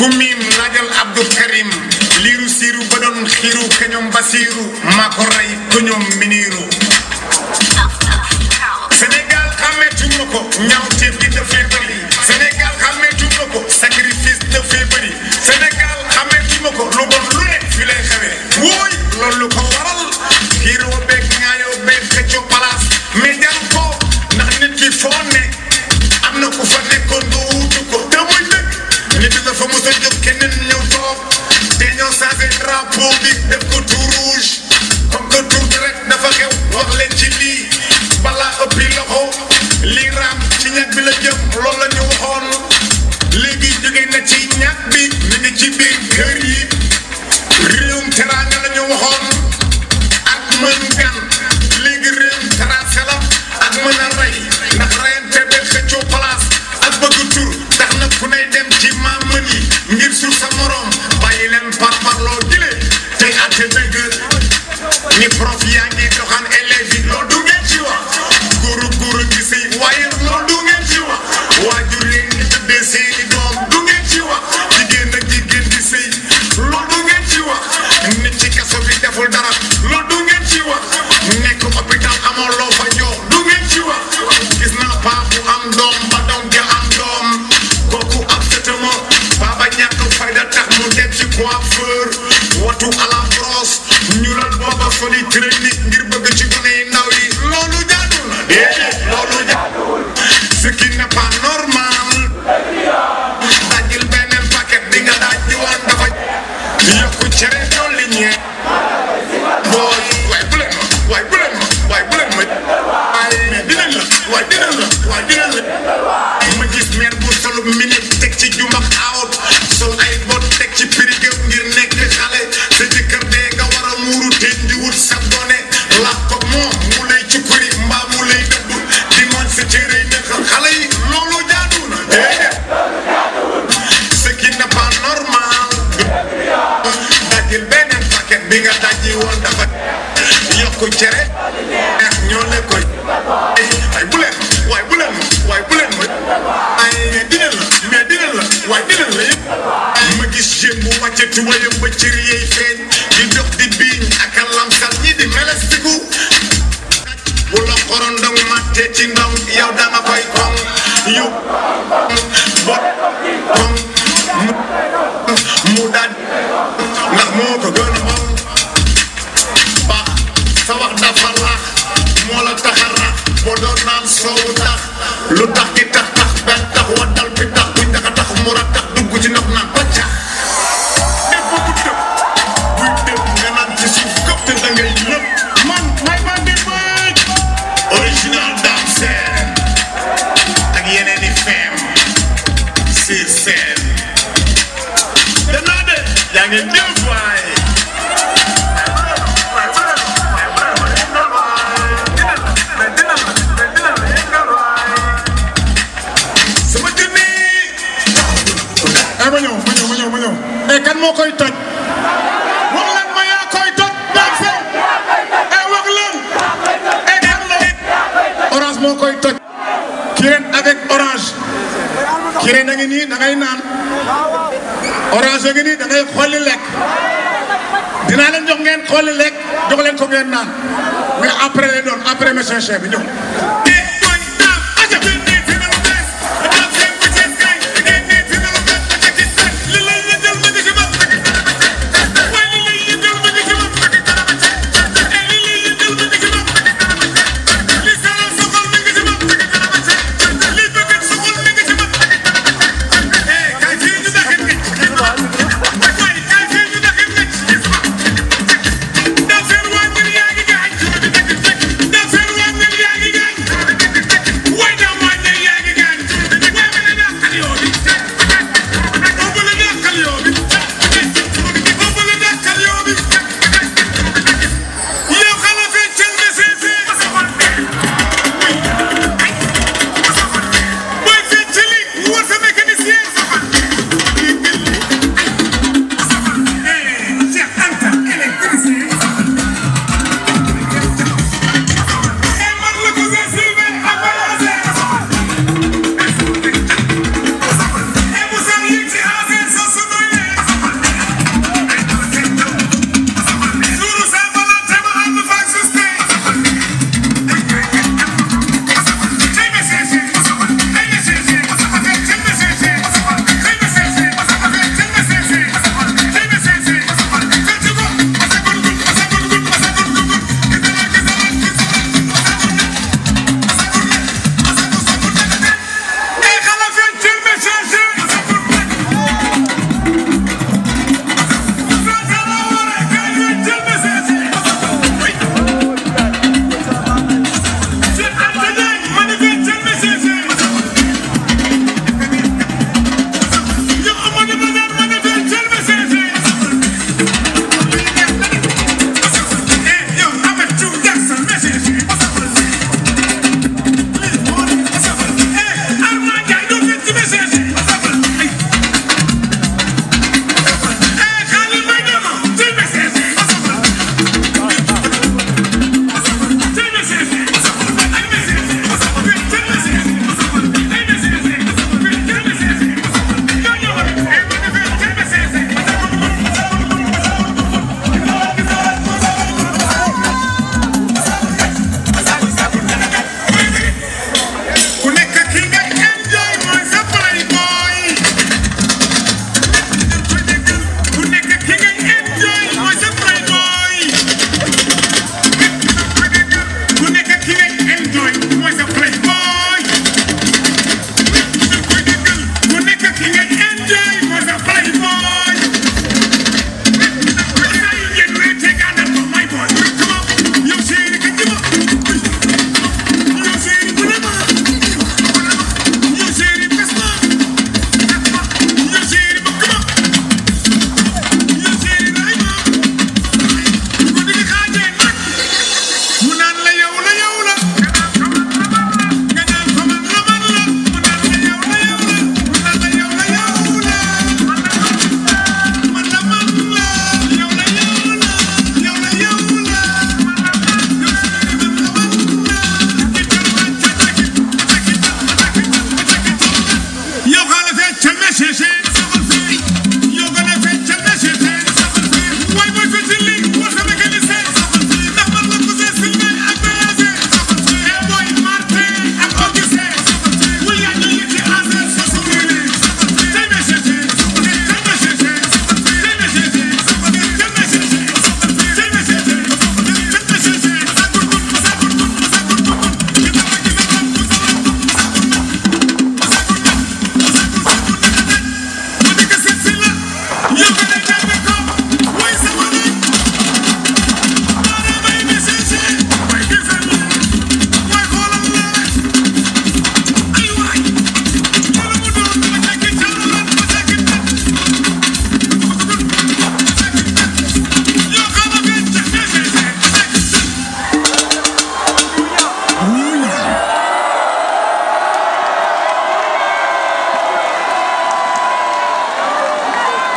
ku miim ragal Abdou Karim liiru siiru ba doon xiiru ka ñoom basiiru maa ko rey ku ñoom miniiru Sénégal xàmmeetuñu ko ñaawteef gi dafay bëri nit yi dafa mos a jóg keneen ñëw toog te ñoo changé drapeau bi def ko tout rouge comme que tout rek dafa xew wax leen ci lii balaa ëppi loxo lii raam ci ñàkk bi la jëm loolu la ñu waxoon léegi jóge na ci ñàkk bi. bàyyi leen par parloo jëlee tey àtte dëgg ni prof yaa ngi doxaan élèves yi loolu du ngeen ci wax góoru góoru gi sëy waaye loolu du ngeen ci wax waajur yi ni tëddee seeni doom du ngeen ci wax jigéen ak jigéen di sëy loolu du ngeen ci wax nit ci kaso bi deful dara waa dëggal la ma gis meer bu solum teg ci jumam awut sol ay bot teg ci pirigam ngir nekk xale sa jëkkër dee nga war a muuru teen di wut sa la ko moom mu lay cukkuri mbaa mu lay dëbb di mooñ sa cëre yi nekk xale yi loolu jaadu na ce qui n'est pas normal dajil beneen paquet bi nga daji woon yokku cere ay bu leen cëtu wayam ba cër yeey feeñ di dox di biiñ ak a lamsal ñi di melestiku bu la xoron dong màtte ci ndong yow danga koy kong yu bot mu daan ndax moo ko gën a moom baax sa wax moo la tax a rax boo doon naan soowu tax lu tax and a new bride. ma ñëw ma ñëw ma ñëw ma ñëw eh kan moo koy toj wax leen ma yaa koy toj daag fe eh wax leen eh kan la orange moo koy toj kireen avec orange kireen a ngi nii da ngay naan orange ngi nii da ngay xolli lekk dinaa leen jox ngeen xolli lekk jox leen ko ngeen naan mais après lay doon après monsieur chef bi ñëw.